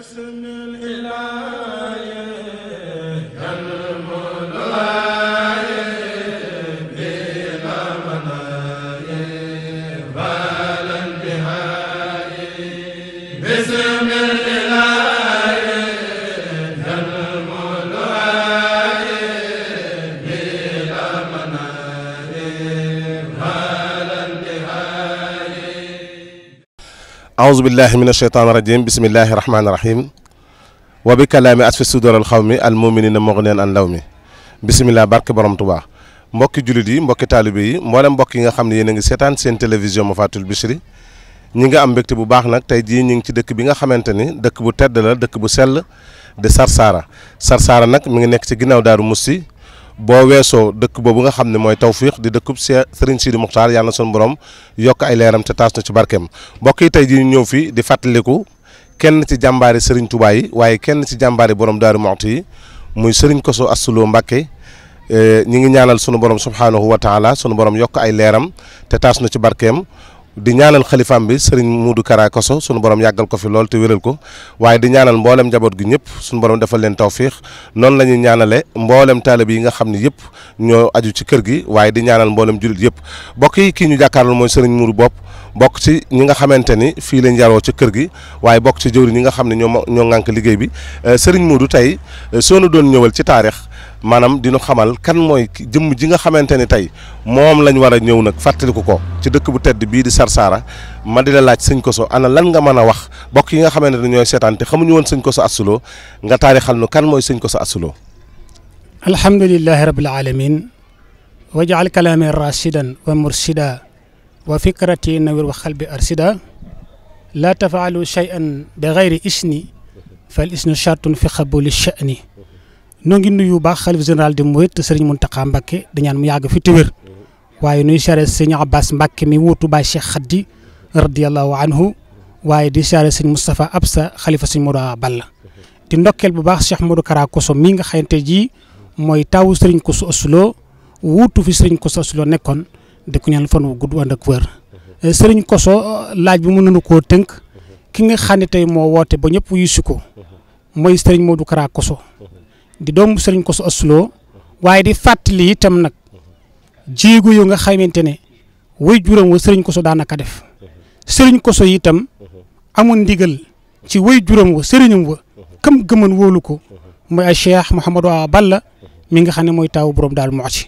ismil ilaa aouzu billahi min asheytaan rajim bismillahi rahmaani rahim wa bi kalaami asfi sudoral xaw mi al muminina moxneen an law mi bisimilah barke borom tubaa mbokki jullit yi mbokki taalibe yi mboolem mbokk yi nga xam ne yéen a ngi seetaan seen télévision ma fatul Bichri ñi ngi am mbégte bu baax nag tey jii ñu ngi ci dëkk bi nga xamante ni dëkk bu tedd la dëkk bu sell di Sarsara Sarsara nag mi ngi nekk ci ginnaaw Daaru Musti boo weesoo dëkk boobu nga xam ne mooy tawfiix di dëkkub sëriñ Sidi Muxtaar yàlla na sunu borom yokk ay leeram te taas na ci barkeem mbokk yi tey jii ñëw fii di fàttaliku kenn ci jàmbaari sëriñ tubaay waaye kenn ci jàmbaari borom Daaru Muxti yi muy sëriñ Koso Astou Lo Mbàkke eh, ñi ngi ñaanal sunu borom subhaanahu wa taala sunu borom yokk ay leeram te taas na ci barkeem di ñaanal xalifaam bi sëriñ muudu Kara Koso sunu borom yàggal ko fi lool te wéral ko waaye di ñaanal mboolem njaboot gi ñëpp sunu borom defal leen tawfiix noonu la ñuy ñaanale mboolem taalib yi nga xam ne yëpp ñoo aju ci kër gi waaye di ñaanal mboolem jullit yëpp mbokk yi kii ñu jàkkaarloo mooy sëriñ Modou Bopp bokk ci ñi nga xamante ni fii lañ jaroo ci kër gi waaye bokk ci jëwri ñi nga xam ne ñoo ñoo ŋànk liggéey bi euh, sëriñ Modou tey euh, soo nu doon ñëwal ci taarix maanaam dinu xamal kan mooy jëmm ji nga xamante ni tey moom lañ war a ñëw nag fàttaliku ko ci dëkk bu tedd bii di Sarsara ma di la laaj sëñ Koso ana lan nga mën a wax bokk yi nga xamante ne ñooy seetaan te xamuñu woon sëñ ko Astou asuloo nga taarixal nu kan mooy sëñ Koso Astou Lo alhamdulilahi rabbil alamin wajaal kalaami rashidan wa mursida wa fikrati nawir wa xalbi arsida laa tafaalu cheyan bi gayri isni fal isnu chartun fi xabuli chani noo ngi nuyu bu baax xalif général de Mouride sëriñ Mountakha Mbacké di ñaan mu yàgg fi te wér waaye nuy mbakke sëñ Abbas Mbacké mi wuutu baay Cheikh Khady radiyallahu waaye di siyaare sëñ Moustapha Absa xalifa sëñ Modou Balla di ndokkeel bu baax Cheikh Modou Kara Koso mii nga xamante ji mooy taw sëriñ Koso Osulo wuutu fi sëriñ Koso Osulo nekkoon di ko ñaan fan wu gudd ànd ak wër sëriñ Koso laaj bi mën nañu koo tënk ki nga xam tey moo woote ba ñëpp wuyu ko mooy sëriñ Modou Kara Koso di doomu sëriñ Kosso Astou Lo waaye di fàttali itam nag jéego yu nga xamante ne way juróom wa sëriñ Kosso daanaka def sëriñ koso itam amoon ndigal ci way juróom wa sëriñam wa kam gëman wóolu ko mooy ay Cheikh Mouhamadou Awa Balla mi nga xam ne mooy taawu borom daal moo ci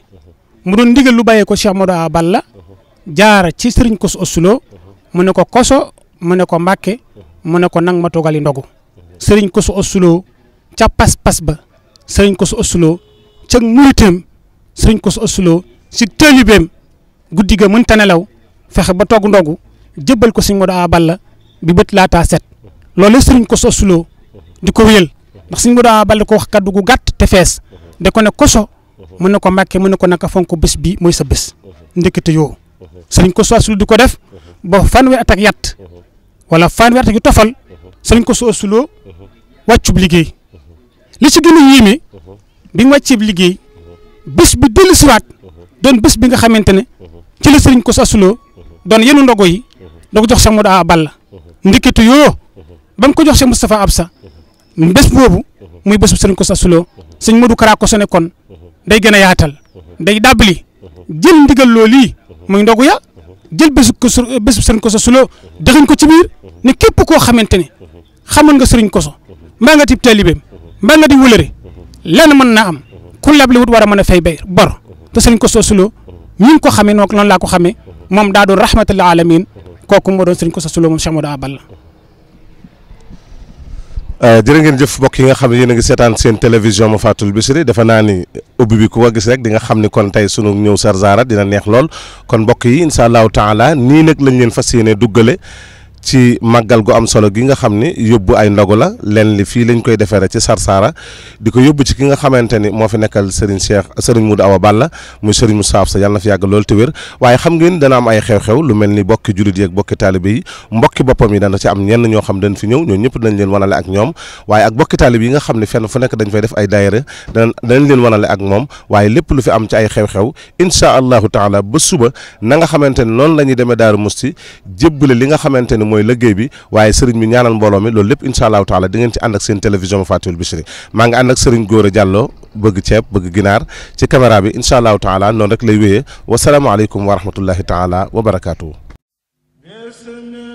mu doon ndigal lu bàyyee ko Cheikh Mouhamadou Awa Balla jaara ci sëriñ Kosso Astou mu ne ko koso mu ne ko Mbàkke mu ne ko nang ma toogali ndogu sëriñ Kosso Astou ca pas-pas ba sëriñ Kosso Astou Lo ca muriteem sëriñ Kosso Astou Lo si taalibeem guddi ga mënta nelaw fexe ba togg ndogu jëbbal ko sëriñ Modou Awa Balla bi bët laataa set loolu sëriñ Kosso Astou di ko wéyal ndax sëriñ Modou Awa Balla ko wax kaddu gu gàtt te fees da ko ne koso mën na ko màkkee mën na ko naka fonk bés bi mooy sa bés ndekete yoo sëriñ Kosso Astou di ko def ba fanweer at ak yàtt wala fanweer at yu tofal sëriñ Kosso Astou Lo wàccub liggéey li ci gën a yéeme uh-huh. bi mu uh-huh. bi dellu siwaat uh-huh. doon bés bi nga xamante ne ci la sëriñ ko sasuloo doon yenu ndogo yi da ko jox sa mu daa balla ndikkitu yooyo ba mu ko jox sa Moustapha Absa bés boobu muy bés bu sëriñ ko sasuloo sëñ Modou Kara ko sone kon day gën a yaatal day dàbbali jël ndigal loolii muy ndogu ya jël bésu koso bésu sëriñ koso suloo dëxuñ ko ci biir ne képp koo xamante ne xamoon nga sëriñ koso mbaa nga tib taalibeem mbaa nga di wëlëri lenn mën na am ku leb li wut war a mën a fay bay bor te sëriñ ko sosuloo ñi ko xamee noonu noonu laa ko xamee moom daa doon rahmatul alamin kooku moo doon sëriñ ko sosuloo moom Cheikh Modou Aballa euh, jërë ngeen jëf mbokk yi nga xam ne yéen a seetaan seen télévision ma fàttul Bichri defe naa ni ubbi bi ko gis rek di nga xam ni kon tey sunu ñëw Sar Zara dina neex lool kon mbokk yi incha allahu taala nii nag lañ leen fas yéene duggale ci màggal gu am solo gi nga xam ni yóbbu ay ndogu la leen li fii lañ koy defere ci Sarsara di ko yóbbu ci ki nga xamante ni moo fi nekkal Serigne Cheikh Serigne Modou Awa Balla muy Serigne Moussa sa yàlla na fi yàgg lool te wér waaye xam ngeen dana am ay xew-xew lu mel ni bokki jullit yi ak bokki taalibe yi mbokki boppam yi dana ci am ñenn ñoo xam dañ fi ñëw ñoo ñëpp danañ leen wanale ak ñoom waaye ak bokki taalibe yi nga xam ne fenn fu nekk dañ fay def ay daayira danañ danañ leen wanale ak moom waaye lépp lu fi am ci ay xew ba suba na nga xamante ne noonu la ñuy demee Daaru Musti jébbale mooy liggéey bi waaye sëriñ bi ñaanal mbooloo mi loolu lépp incha allahu taala di ngeen ci ànd ak seen télévision ma Fatul Bichri maa ngi ànd ak sëriñ Gora bëgg ceeb bëgg ginaar ci caméra bi incha allahu taala noonu rek lay wéyee wasalaamaaleykum wa rahmatullahi taala wa